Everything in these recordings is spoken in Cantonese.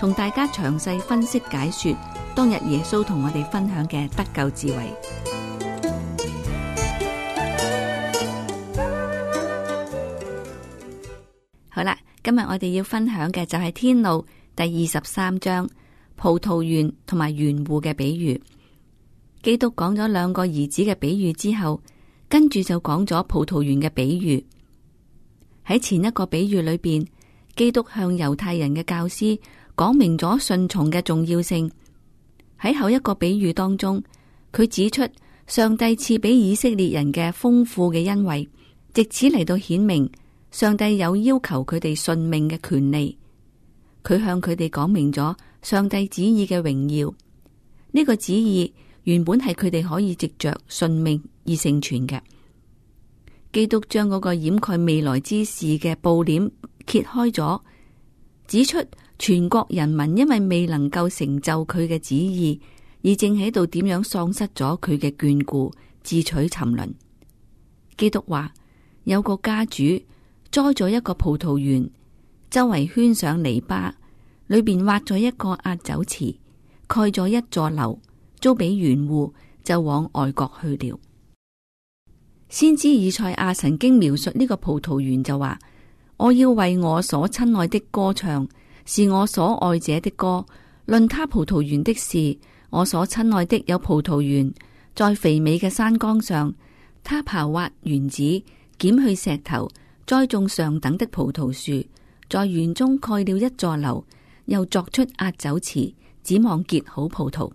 同大家詳細分析解說，當日耶穌同我哋分享嘅得救智慧。好啦，今日我哋要分享嘅就係天路第二十三章葡萄園同埋園戶嘅比喻。基督講咗兩個兒子嘅比喻之後，跟住就講咗葡萄園嘅比喻。喺前一個比喻裏邊，基督向猶太人嘅教師。講明咗順從嘅重要性。喺後一個比喻當中，佢指出上帝賜俾以色列人嘅豐富嘅恩惠，直至嚟到顯明上帝有要求佢哋順命嘅權利。佢向佢哋講明咗上帝旨意嘅榮耀。呢個旨意原本係佢哋可以藉着順命而成全嘅。基督將嗰個掩蓋未來之事嘅布簾揭開咗，指出。全國人民因為未能夠成就佢嘅旨意，而正喺度點樣喪失咗佢嘅眷顧，自取沉淪。基督話：有個家主栽咗一個葡萄園，周圍圈上籬笆，裏邊挖咗一個壓酒池，蓋咗一座樓，租俾園戶，就往外國去了。先知以賽亞曾經描述呢個葡萄園，就話我要為我所親愛的歌唱。是我所愛者的歌。論他葡萄園的事，我所親愛的有葡萄園，在肥美嘅山崗上。他刨挖園子，撿去石頭，栽種上等的葡萄樹。在園中蓋了一座樓，又鑿出壓酒池，指望結好葡萄。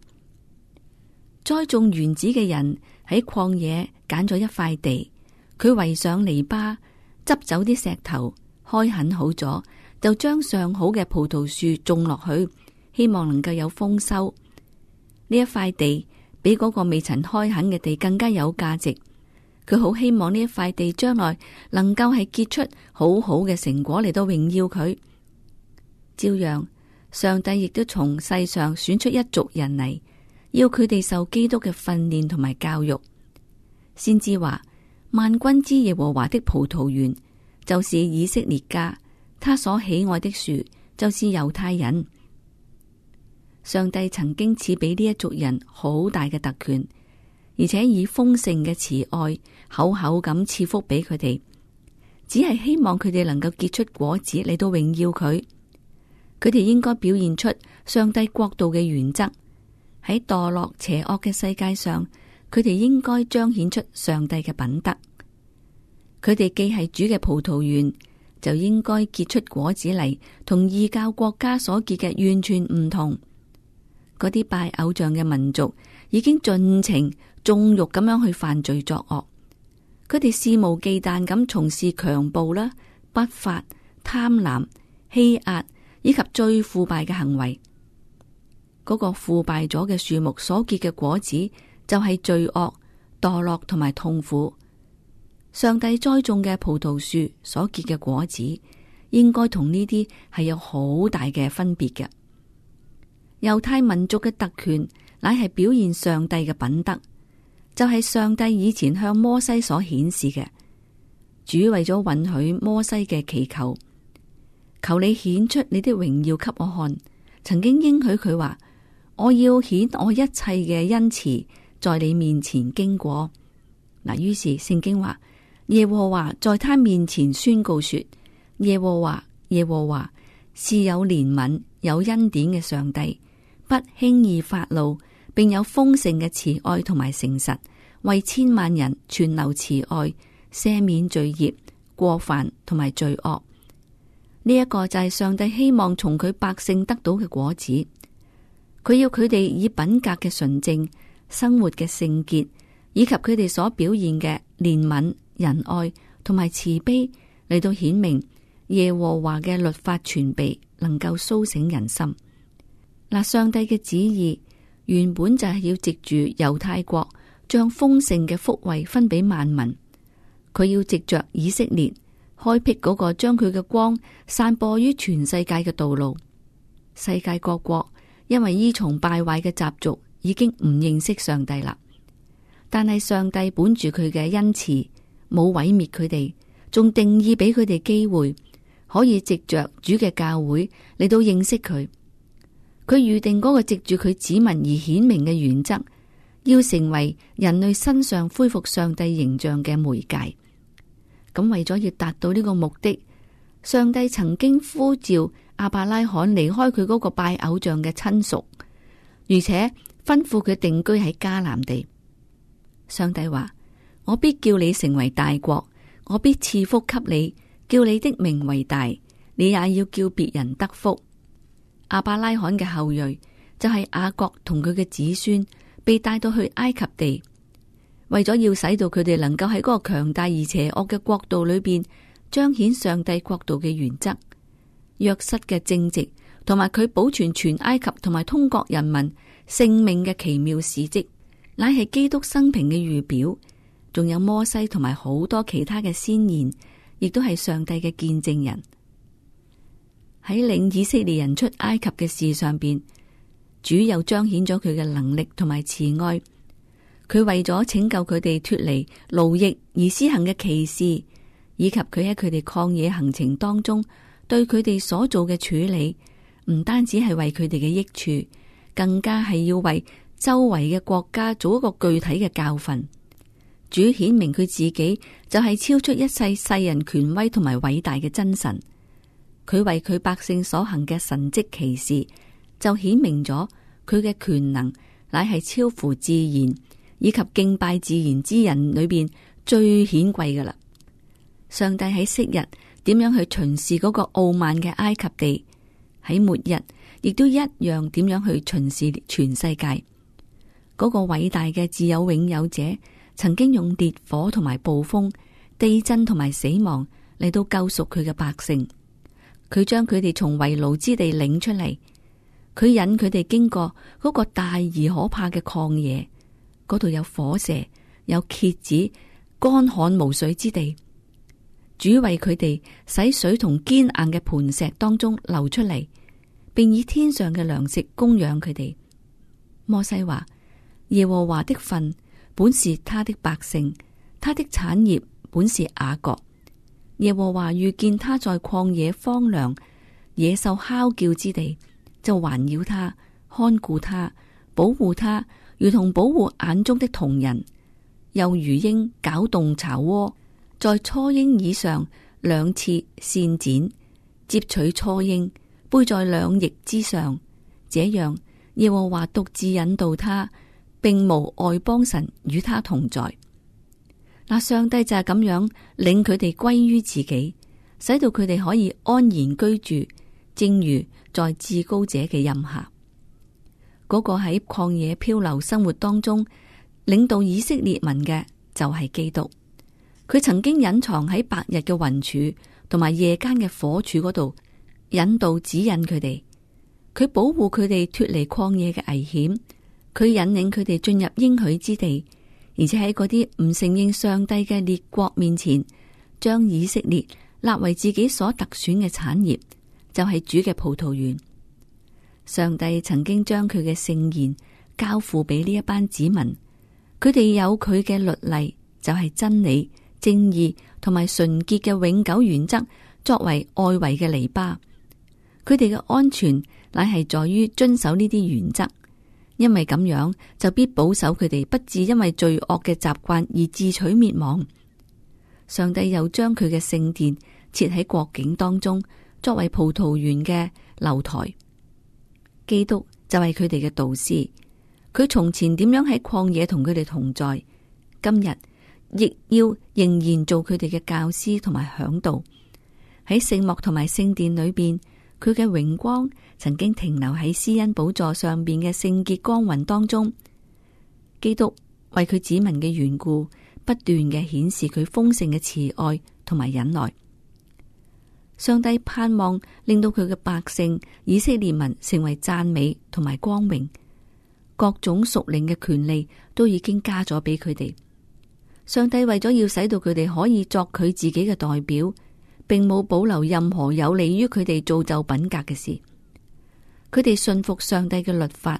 栽種園子嘅人喺曠野揀咗一塊地，佢圍上籬笆，執走啲石頭，開墾好咗。就將上好嘅葡萄樹種落去，希望能夠有豐收。呢一塊地比嗰個未曾開墾嘅地更加有價值。佢好希望呢一塊地將來能夠係結出好好嘅成果嚟到榮耀佢。照樣，上帝亦都從世上選出一族人嚟，要佢哋受基督嘅訓練同埋教育。先知話：萬軍之耶和華的葡萄園，就是以色列家。他所喜愛的樹就是猶太人，上帝曾經賜俾呢一族人好大嘅特權，而且以豐盛嘅慈愛厚厚咁賜福俾佢哋，只係希望佢哋能夠結出果子榮，嚟到榮耀佢。佢哋應該表現出上帝國度嘅原則，喺墮落邪惡嘅世界上，佢哋應該彰顯出上帝嘅品德。佢哋既係主嘅葡萄園，就應該結出果子嚟，同異教國家所結嘅完全唔同。嗰啲拜偶像嘅民族已經盡情縱慾咁樣去犯罪作惡，佢哋肆無忌憚咁從事強暴啦、不法、貪婪、欺壓以及最腐敗嘅行為。嗰個腐敗咗嘅樹木所結嘅果子就係罪惡、墮落同埋痛苦。上帝栽種嘅葡萄樹所結嘅果子，應該同呢啲係有好大嘅分別嘅。猶太民族嘅特權，乃係表現上帝嘅品德，就係上帝以前向摩西所顯示嘅。主為咗允許摩西嘅祈求，求你顯出你的榮耀給我看。曾經應許佢話，我要顯我一切嘅恩慈在你面前經過。嗱，於是聖經話。耶和華在他面前宣告說：耶和華，耶和華是有憐憫、有恩典嘅上帝，不輕易發怒，並有豐盛嘅慈愛同埋誠實，為千萬人存留慈愛，赦免罪孽、過犯同埋罪惡。呢、這、一個就係上帝希望從佢百姓得到嘅果子。佢要佢哋以品格嘅純正、生活嘅聖潔，以及佢哋所表現嘅憐憫。仁愛同埋慈悲嚟到顯明耶和華嘅律法傳備，能夠蘇醒人心。嗱，上帝嘅旨意原本就係要藉住猶太國將豐盛嘅福惠分俾萬民。佢要藉着以色列開闢嗰個將佢嘅光散播於全世界嘅道路。世界各國因為依從敗壞嘅習俗，已經唔認識上帝啦。但係上帝本住佢嘅恩慈。冇毀滅佢哋，仲定義俾佢哋機會，可以藉着主嘅教會嚟到認識佢。佢預定嗰個藉住佢子民而顯明嘅原則，要成為人類身上恢復上帝形象嘅媒介。咁為咗要達到呢個目的，上帝曾經呼召亞伯拉罕離開佢嗰個拜偶像嘅親屬，而且吩咐佢定居喺迦南地。上帝話。我必叫你成為大國，我必賜福給你，叫你的名為大。你也要叫別人得福。亞伯拉罕嘅後裔就係雅各同佢嘅子孫，被帶到去埃及地，為咗要使到佢哋能夠喺嗰個強大而邪惡嘅國度裏邊彰顯上帝國度嘅原則，約瑟嘅正直，同埋佢保存全埃及同埋通國人民性命嘅奇妙事跡，乃係基督生平嘅預表。仲有摩西同埋好多其他嘅先賢，亦都係上帝嘅見證人。喺領以色列人出埃及嘅事上邊，主又彰顯咗佢嘅能力同埋慈愛。佢為咗拯救佢哋脫離奴役而施行嘅奇事，以及佢喺佢哋曠野行程當中對佢哋所做嘅處理，唔單止係為佢哋嘅益處，更加係要為周圍嘅國家做一個具體嘅教訓。主顯明佢自己就係超出一切世，世人權威同埋偉大嘅真神。佢為佢百姓所行嘅神跡奇事，就顯明咗佢嘅權能，乃係超乎自然，以及敬拜自然之人裏邊最顯貴㗎喇。上帝喺昔日點樣去巡視嗰個傲慢嘅埃及地，喺末日亦都一樣點樣去巡視全世界嗰、那個偉大嘅自有永有者。曾經用烈火同埋暴風、地震同埋死亡嚟到救贖佢嘅百姓，佢將佢哋從圍牢之地領出嚟，佢引佢哋經過嗰個大而可怕嘅曠野，嗰度有火蛇、有蠍子、乾旱無水之地，主為佢哋使水同堅硬嘅磐石當中流出嚟，並以天上嘅糧食供養佢哋。摩西話：耶和華的份。本是他的百姓，他的產業本是雅各。耶和華遇見他在曠野荒涼、野獸哮叫之地，就環繞他、看顧他、保護他，如同保護眼中的瞳人。又如鷹攪動巢窩，在初鷹以上兩次扇展，接取初鷹，背在兩翼之上。這樣，耶和華獨自引導他。並無外邦神與他同在，嗱，上帝就係咁樣令佢哋歸於自己，使到佢哋可以安然居住，正如在至高者嘅蔭下。嗰個喺曠野漂流生活當中領導以色列民嘅就係基督，佢曾經隱藏喺白日嘅雲柱同埋夜間嘅火柱嗰度，引導指引佢哋，佢保護佢哋脫離曠野嘅危險。佢引領佢哋進入應許之地，而且喺嗰啲唔承認上帝嘅列國面前，將以色列立為自己所特選嘅產業，就係主嘅葡萄園。上帝曾經將佢嘅聖言交付俾呢一班子民，佢哋有佢嘅律例，就係真理、正義同埋純潔嘅永久原則，作為外圍嘅籬笆。佢哋嘅安全乃係在於遵守呢啲原則。因為咁樣，就必保守佢哋，不至因為罪惡嘅習慣而自取滅亡。上帝又將佢嘅聖殿設喺國境當中，作為葡萄園嘅樓台。基督就係佢哋嘅導師，佢從前點樣喺曠野同佢哋同在，今日亦要仍然做佢哋嘅教師同埋響導，喺聖幕同埋聖殿裏邊。佢嘅榮光曾經停留喺施恩寶座上邊嘅聖潔光暈當中，基督為佢子民嘅緣故，不斷嘅顯示佢豐盛嘅慈愛同埋忍耐。上帝盼望令到佢嘅百姓以色列民成為讚美同埋光榮，各種屬靈嘅權利都已經加咗俾佢哋。上帝為咗要使到佢哋可以作佢自己嘅代表。並冇保留任何有利於佢哋造就品格嘅事，佢哋信服上帝嘅律法，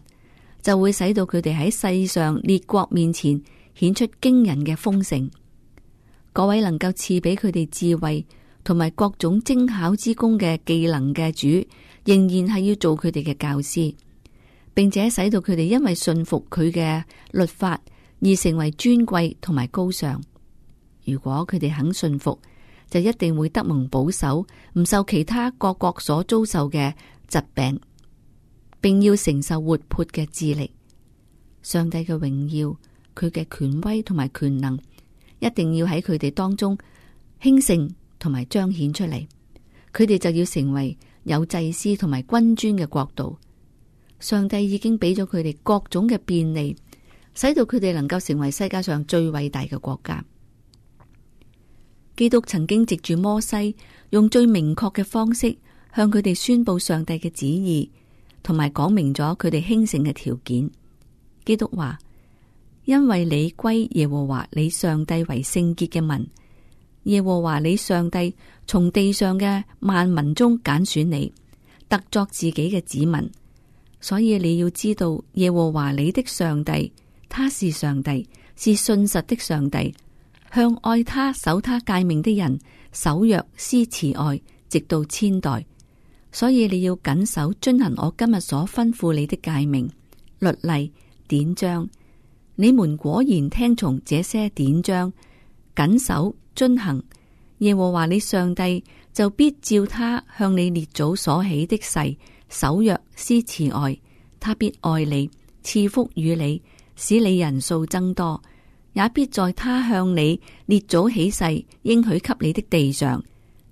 就會使到佢哋喺世上列國面前顯出驚人嘅豐盛。各位能夠賜俾佢哋智慧同埋各種精巧之功嘅技能嘅主，仍然係要做佢哋嘅教師，並且使到佢哋因為信服佢嘅律法而成為尊貴同埋高尚。如果佢哋肯信服。就一定會得蒙保守，唔受其他各國所遭受嘅疾病，並要承受活潑嘅智力。上帝嘅榮耀，佢嘅權威同埋權能，一定要喺佢哋當中興盛同埋彰顯出嚟。佢哋就要成為有祭司同埋君尊嘅國度。上帝已經俾咗佢哋各種嘅便利，使到佢哋能夠成為世界上最偉大嘅國家。基督曾經藉住摩西，用最明確嘅方式向佢哋宣布上帝嘅旨意，同埋講明咗佢哋興盛嘅條件。基督話：因為你歸耶和華你上帝為聖潔嘅民，耶和華你上帝從地上嘅萬民中揀選你，特作自己嘅子民。所以你要知道，耶和華你的上帝，他是上帝，是信實的上帝。向愛他守他誡命的人守約施慈愛，直到千代。所以你要謹守遵行我今日所吩咐你的誡命、律例、典章。你們果然聽從這些典章，謹守遵行，耶和華你上帝就必照他向你列祖所起的誓，守約施慈愛，他必愛你，賜福與你，使你人數增多。也必在他向你列祖起誓應許給你的地上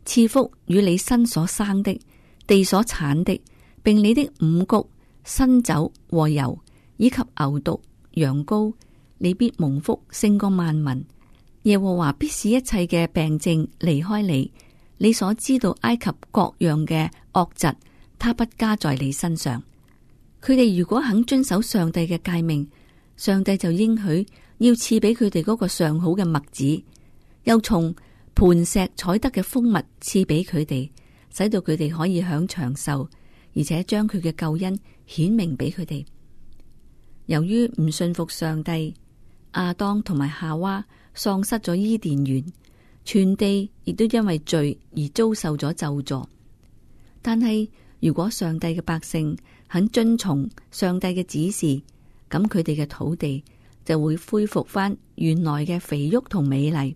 賜福，與你身所生的地所產的，並你的五穀、新酒和油，以及牛犢、羊羔，你必蒙福勝過萬民。耶和華必使一切嘅病症離開你，你所知道埃及各樣嘅惡疾，他不加在你身上。佢哋如果肯遵守上帝嘅誡命，上帝就應許。要賜俾佢哋嗰個上好嘅麥子，又從磐石採得嘅蜂蜜賜俾佢哋，使到佢哋可以享長壽，而且將佢嘅救恩顯明俾佢哋。由於唔信服上帝，亞當同埋夏娃喪失咗伊甸園，全地亦都因為罪而遭受咗咒詛。但係如果上帝嘅百姓肯遵從上帝嘅指示，咁佢哋嘅土地，就會恢復翻原來嘅肥沃同美麗。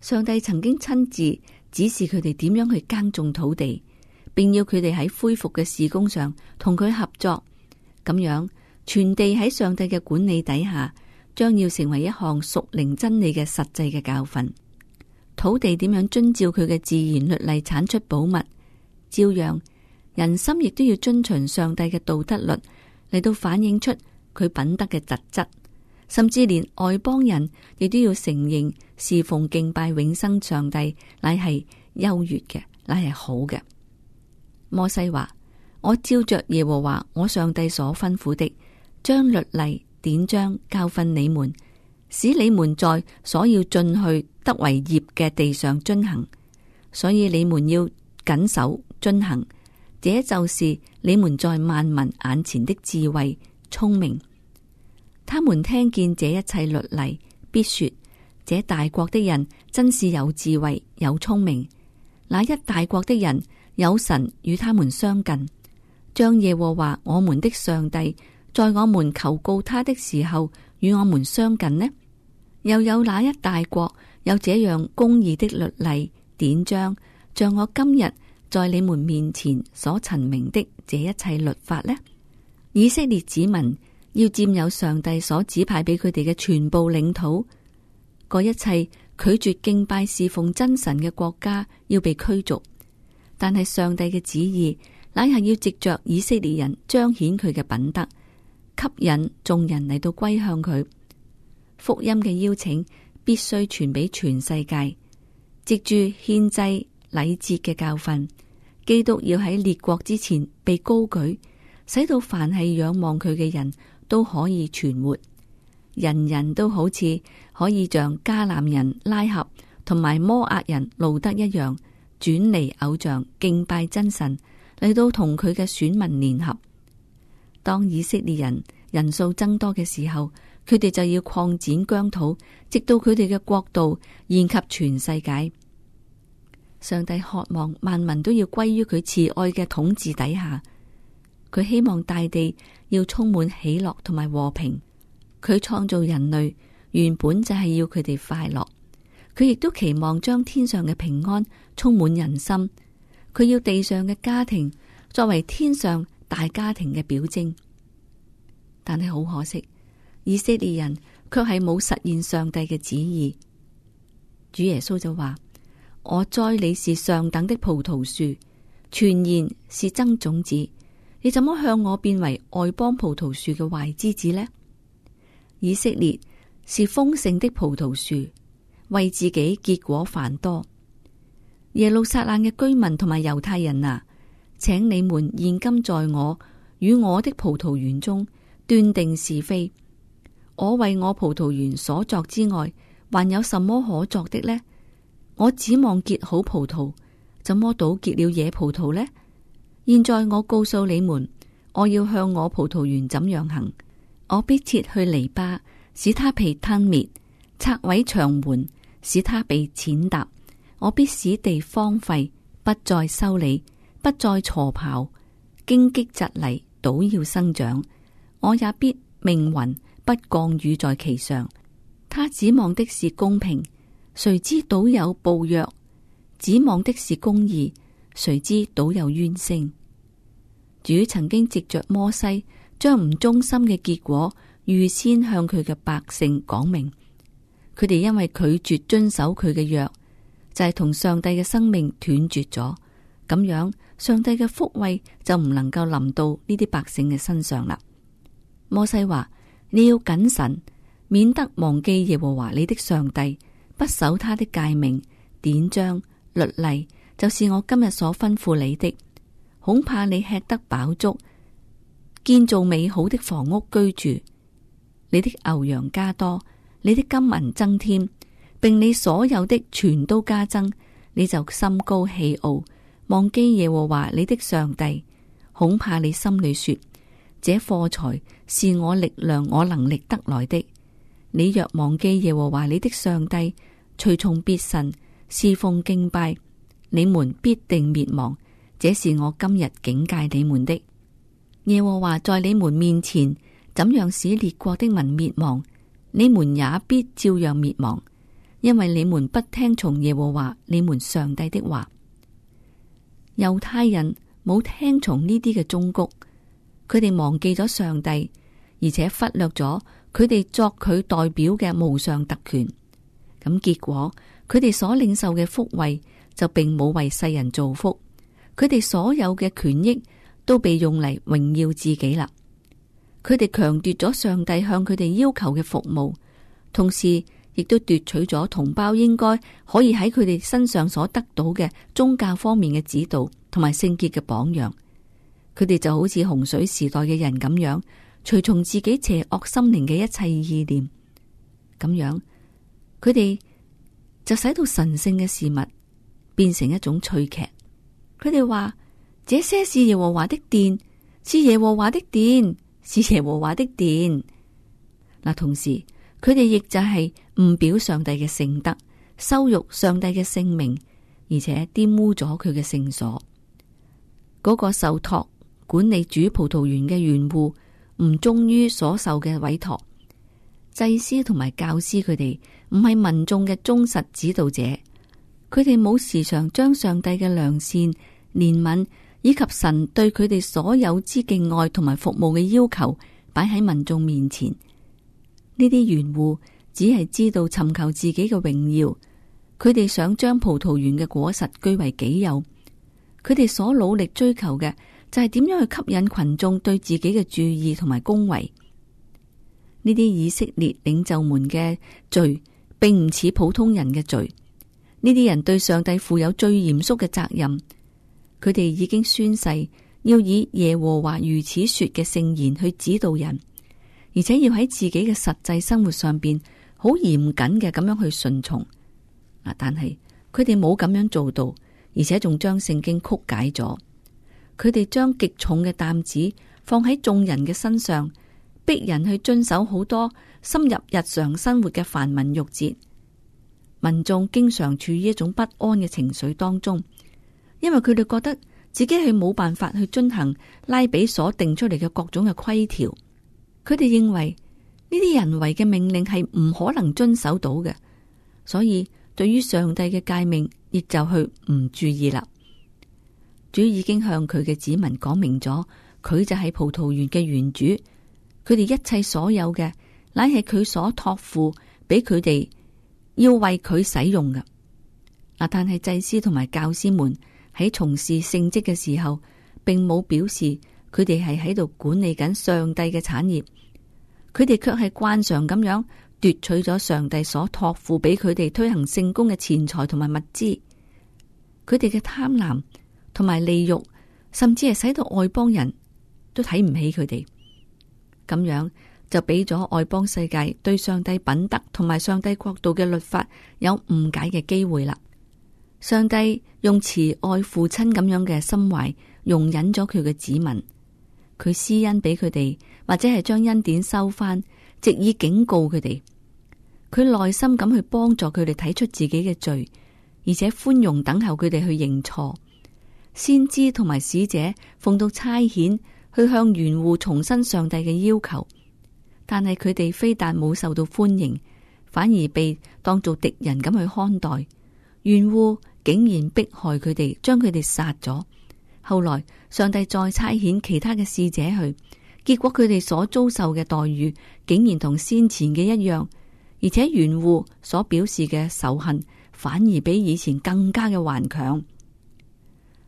上帝曾經親自指示佢哋點樣去耕種土地，並要佢哋喺恢復嘅事工上同佢合作。咁樣，全地喺上帝嘅管理底下，將要成為一項屬靈真理嘅實際嘅教訓。土地點樣遵照佢嘅自然律例產出寶物，照樣人心亦都要遵循上帝嘅道德律嚟到反映出佢品德嘅特質。甚至連外邦人亦都要承認侍奉敬拜永生上帝乃係優越嘅，乃係好嘅。摩西話：我照着耶和華我上帝所吩咐的，將律例典章教訓你們，使你們在所要進去得為業嘅地上遵行。所以你們要謹守遵行，這就是你們在萬民眼前的智慧、聰明。他們聽見這一切律例，必說：這大國的人真是有智慧、有聰明。哪一大國的人有神與他們相近，將耶和華我們的上帝在我們求告他的時候與我們相近呢？又有哪一大國有這樣公義的律例典章，像我今日在你們面前所陳明的這一切律法呢？以色列子民。要佔有上帝所指派俾佢哋嘅全部領土，嗰一切拒絕敬拜侍奉真神嘅國家要被驅逐。但係上帝嘅旨意，乃係要藉着以色列人彰顯佢嘅品德，吸引眾人嚟到歸向佢。福音嘅邀請必須傳俾全世界，藉住獻祭禮節嘅教訓，基督要喺列國之前被高舉，使到凡係仰望佢嘅人。都可以存活，人人都好似可以像迦南人拉合同埋摩押人路得一樣，轉離偶像敬拜真神，嚟到同佢嘅選民聯合。當以色列人人數增多嘅時候，佢哋就要擴展疆土，直到佢哋嘅國度延及全世界。上帝渴望萬民都要歸於佢慈愛嘅統治底下。佢希望大地要充滿喜樂同埋和平。佢創造人類原本就係要佢哋快樂。佢亦都期望將天上嘅平安充滿人心。佢要地上嘅家庭作為天上大家庭嘅表徵。但係好可惜，以色列人卻係冇實現上帝嘅旨意。主耶穌就話：我栽你是上等的葡萄樹，全然是增種子。你怎麼向我變為外邦葡萄樹嘅壞枝子呢？以色列是豐盛的葡萄樹，為自己結果繁多。耶路撒冷嘅居民同埋猶太人啊，請你們現今在我與我的葡萄園中斷定是非。我為我葡萄園所作之外，還有什麼可作的呢？我指望結好葡萄，怎麼倒結了野葡萄呢？現在我告訴你們，我要向我葡萄園怎樣行？我必撤去籬笆，使它被吞滅；拆毀牆門，使它被踐踏。我必使地荒廢，不再修理，不再鋤刨，荊棘蒺藜，倒要生長。我也必命雲不降雨在其上。他指望的是公平，誰知倒有暴虐；指望的是公義。誰知倒有冤聲。主曾經藉着摩西將唔忠心嘅結果預先向佢嘅百姓講明，佢哋因為拒絕遵守佢嘅約，就係、是、同上帝嘅生命斷絕咗。咁樣上帝嘅福惠就唔能夠臨到呢啲百姓嘅身上啦。摩西話：你要謹慎，免得忘記耶和華你的上帝，不守他的誡命、典章、律例。就是我今日所吩咐你的，恐怕你吃得飽足，建造美好的房屋居住。你的牛羊加多，你的金銀增添，並你所有的全都加增，你就心高氣傲，忘記耶和華你的上帝。恐怕你心裏說：這貨財是我力量、我能力得來的。你若忘記耶和華你的上帝，隨從別神侍奉敬拜。你們必定滅亡，這是我今日警戒你們的。耶和華在你們面前怎樣使列國的民滅亡，你們也必照樣滅亡，因為你們不聽從耶和華你們上帝的話。猶太人冇聽從呢啲嘅忠告，佢哋忘記咗上帝，而且忽略咗佢哋作佢代表嘅無上特權。咁結果佢哋所領受嘅福惠，就並冇為世人造福，佢哋所有嘅權益都被用嚟榮耀自己啦。佢哋強奪咗上帝向佢哋要求嘅服務，同時亦都奪取咗同胞應該可以喺佢哋身上所得到嘅宗教方面嘅指導同埋聖潔嘅榜樣。佢哋就好似洪水時代嘅人咁樣，隨從自己邪惡心靈嘅一切意念咁樣，佢哋就使到神聖嘅事物，變成一種趣劇，佢哋話：這些是耶和華的殿，是耶和華的殿，是耶和華的殿。嗱，同時佢哋亦就係唔表上帝嘅聖德，羞辱上帝嘅聖名，而且玷污咗佢嘅聖所。嗰、那個受託管理主葡萄園嘅園戶，唔忠於所受嘅委託；祭司同埋教師佢哋唔係民眾嘅忠實指導者。佢哋冇時常將上帝嘅良善、憐憫以及神對佢哋所有之敬愛同埋服務嘅要求擺喺民眾面前。呢啲園戶只係知道尋求自己嘅榮耀，佢哋想將葡萄園嘅果實據為己有。佢哋所努力追求嘅就係點樣去吸引群眾對自己嘅注意同埋恭維。呢啲以色列領袖們嘅罪，並唔似普通人嘅罪。呢啲人對上帝負有最嚴肅嘅責任，佢哋已經宣誓要以耶和華如此說嘅聖言去指導人，而且要喺自己嘅實際生活上邊好嚴謹嘅咁樣去順從。但係佢哋冇咁樣做到，而且仲將聖經曲解咗。佢哋將極重嘅擔子放喺眾人嘅身上，逼人去遵守好多深入日常生活嘅繁文縟節。民眾經常處於一種不安嘅情緒當中，因為佢哋覺得自己係冇辦法去遵行拉比所定出嚟嘅各種嘅規條，佢哋認為呢啲人為嘅命令係唔可能遵守到嘅，所以對於上帝嘅誡命亦就去唔注意啦。主已經向佢嘅子民講明咗，佢就係葡萄園嘅園主，佢哋一切所有嘅乃係佢所託付俾佢哋。要為佢使用嘅，啊！但係祭司同埋教師們喺從事聖職嘅時候，並冇表示佢哋係喺度管理緊上帝嘅產業，佢哋卻係慣常咁樣奪取咗上帝所託付俾佢哋推行聖工嘅錢財同埋物資，佢哋嘅貪婪同埋利欲，甚至係使到外邦人都睇唔起佢哋，咁樣就俾咗外邦世界對上帝品德同埋上帝國度嘅律法有誤解嘅機會啦。上帝用慈愛父親咁樣嘅心懷容忍咗佢嘅子民，佢施恩俾佢哋，或者係將恩典收翻，藉以警告佢哋。佢耐心咁去幫助佢哋睇出自己嘅罪，而且寬容等候佢哋去認錯。先知同埋使者奉到差遣去向元戶重申上帝嘅要求。但係佢哋非但冇受到歡迎，反而被當做敵人咁去看待。園戶竟然迫害佢哋，將佢哋殺咗。後來上帝再差遣其他嘅使者去，結果佢哋所遭受嘅待遇竟然同先前嘅一樣，而且園戶所表示嘅仇恨反而比以前更加嘅頑強。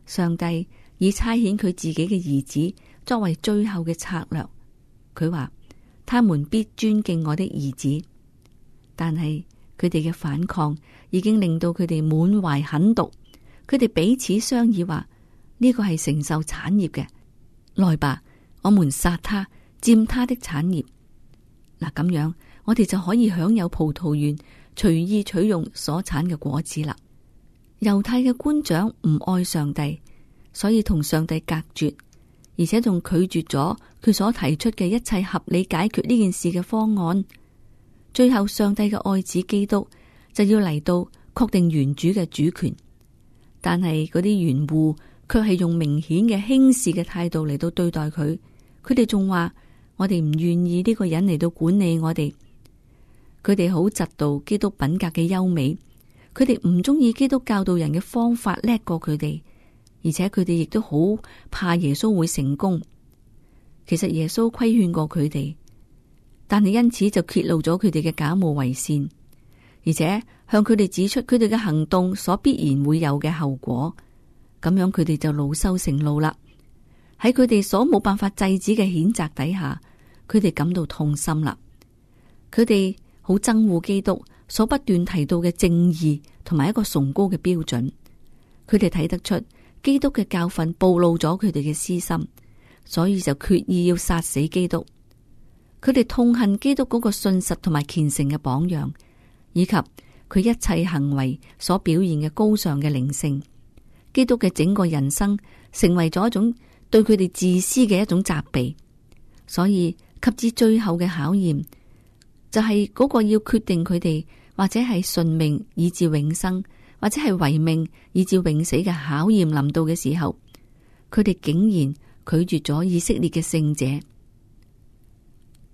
上帝以差遣佢自己嘅兒子作為最後嘅策略，佢話：他們必尊敬我的兒子，但係佢哋嘅反抗已經令到佢哋滿懷狠毒。佢哋彼此商議話：呢個係承受產業嘅，來吧，我們殺他，佔他的產業。嗱，咁樣我哋就可以享有葡萄園，隨意取用所產嘅果子啦。猶太嘅官長唔愛上帝，所以同上帝隔絕。而且仲拒絕咗佢所提出嘅一切合理解決呢件事嘅方案。最後，上帝嘅愛子基督就要嚟到確定原主嘅主權。但係嗰啲原戶卻係用明顯嘅輕視嘅態度嚟到對待佢。佢哋仲話，我哋唔願意呢個人嚟到管理我哋。佢哋好嫉妒基督品格嘅優美。佢哋唔中意基督教導人嘅方法叻過佢哋。而且佢哋亦都好怕耶穌會成功。其實耶穌規勸過佢哋，但係因此就揭露咗佢哋嘅假冒為善，而且向佢哋指出佢哋嘅行動所必然會有嘅後果。咁樣佢哋就惱羞成怒啦。喺佢哋所冇辦法制止嘅譴責底下，佢哋感到痛心啦。佢哋好憎惡基督所不斷提到嘅正義同埋一個崇高嘅標準。佢哋睇得出。基督嘅教訓暴露咗佢哋嘅私心，所以就決意要殺死基督。佢哋痛恨基督嗰個信實同埋虔誠嘅榜樣，以及佢一切行為所表現嘅高尚嘅靈性。基督嘅整個人生成為咗一種對佢哋自私嘅一種責備。所以及至最後嘅考驗，就係、是、嗰個要決定佢哋或者係信命以至永生。或者係維命以至永死嘅考驗臨到嘅時候，佢哋竟然拒絕咗以色列嘅聖者。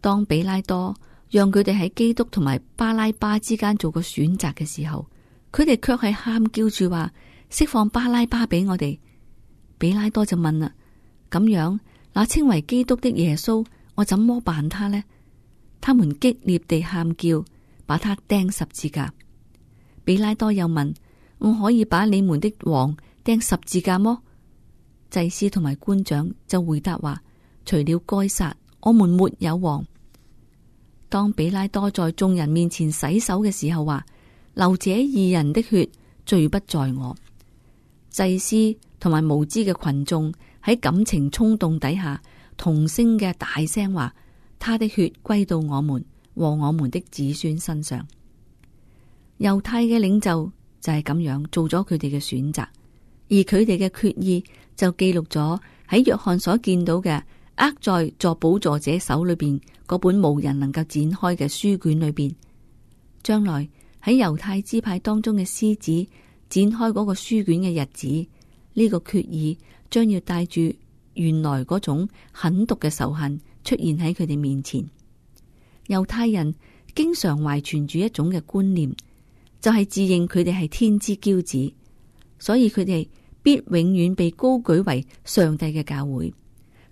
當彼拉多讓佢哋喺基督同埋巴拉巴之間做個選擇嘅時候，佢哋卻係喊叫住話釋放巴拉巴俾我哋。彼拉多就問啦：咁樣，那稱為基督的耶穌，我怎麼辦他呢？他們激烈地喊叫，把他釘十字架。彼拉多又問。仲可以把你們的王釘十字架麼、哦？祭司同埋官長就回答話：除了該殺，我們沒有王。當彼拉多在眾人面前洗手嘅時候，話：流這二人的血，罪不在我。祭司同埋無知嘅群眾喺感情衝動底下，同聲嘅大聲話：他的血歸到我們和我們的子孫身上。猶太嘅領袖。就係咁樣做咗佢哋嘅選擇，而佢哋嘅決議就記錄咗喺約翰所見到嘅握在坐寶座者手裏邊嗰本無人能夠展開嘅書卷裏邊。將來喺猶太支派當中嘅獅子展開嗰個書卷嘅日子，呢、這個決議將要帶住原來嗰種狠毒嘅仇恨出現喺佢哋面前。猶太人經常懷存住一種嘅觀念。就係自認佢哋係天之驕子，所以佢哋必永遠被高舉為上帝嘅教會。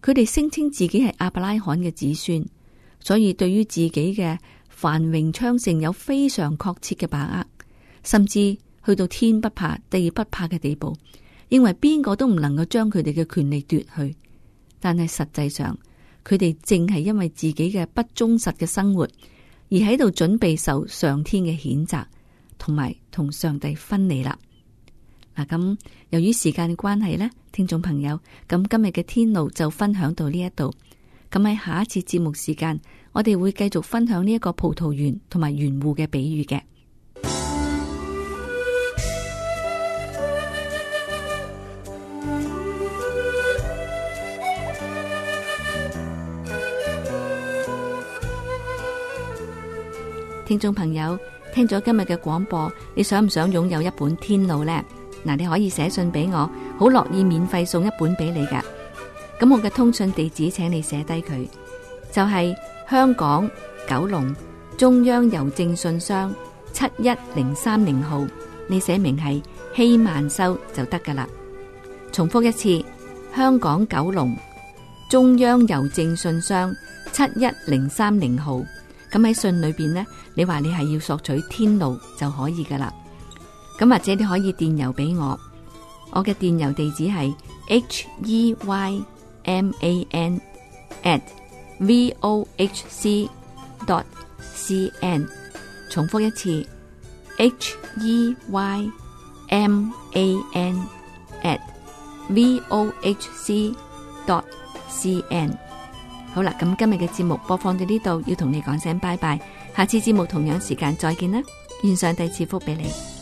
佢哋聲稱自己係亞伯拉罕嘅子孫，所以對於自己嘅繁榮昌盛有非常確切嘅把握，甚至去到天不怕地不怕嘅地步，認為邊個都唔能夠將佢哋嘅權力奪去。但係實際上，佢哋正係因為自己嘅不忠實嘅生活而喺度準備受上天嘅譴責。同埋同上帝分離啦。嗱咁，由於時間嘅關係呢，聽眾朋友，咁今日嘅天路就分享到呢一度。咁喺下一次節目時間，我哋會繼續分享呢一個葡萄園同埋園戶嘅比喻嘅。聽眾朋友。聽咗今日嘅廣播，你想唔想擁有一本天路呢？嗱，你可以寫信俾我，好樂意免費送一本俾你噶。咁我嘅通訊地址，請你寫低佢，就係香港九龍中央郵政信箱七一零三零號，你寫明係希曼修就得噶啦。重複一次，香港九龍中央郵政信箱七一零三零號。咁喺、嗯、信裏邊咧，你話你係要索取天路就可以噶啦。咁或者你可以電郵俾我，我嘅電郵地址係 h e y m a n at v o h c dot c n。重複一次 h e y m a n at v o h c dot c n。好啦，咁今日嘅節目播放到呢度，要同你講聲拜拜。下次節目同樣時間再見啦，願上帝賜福俾你。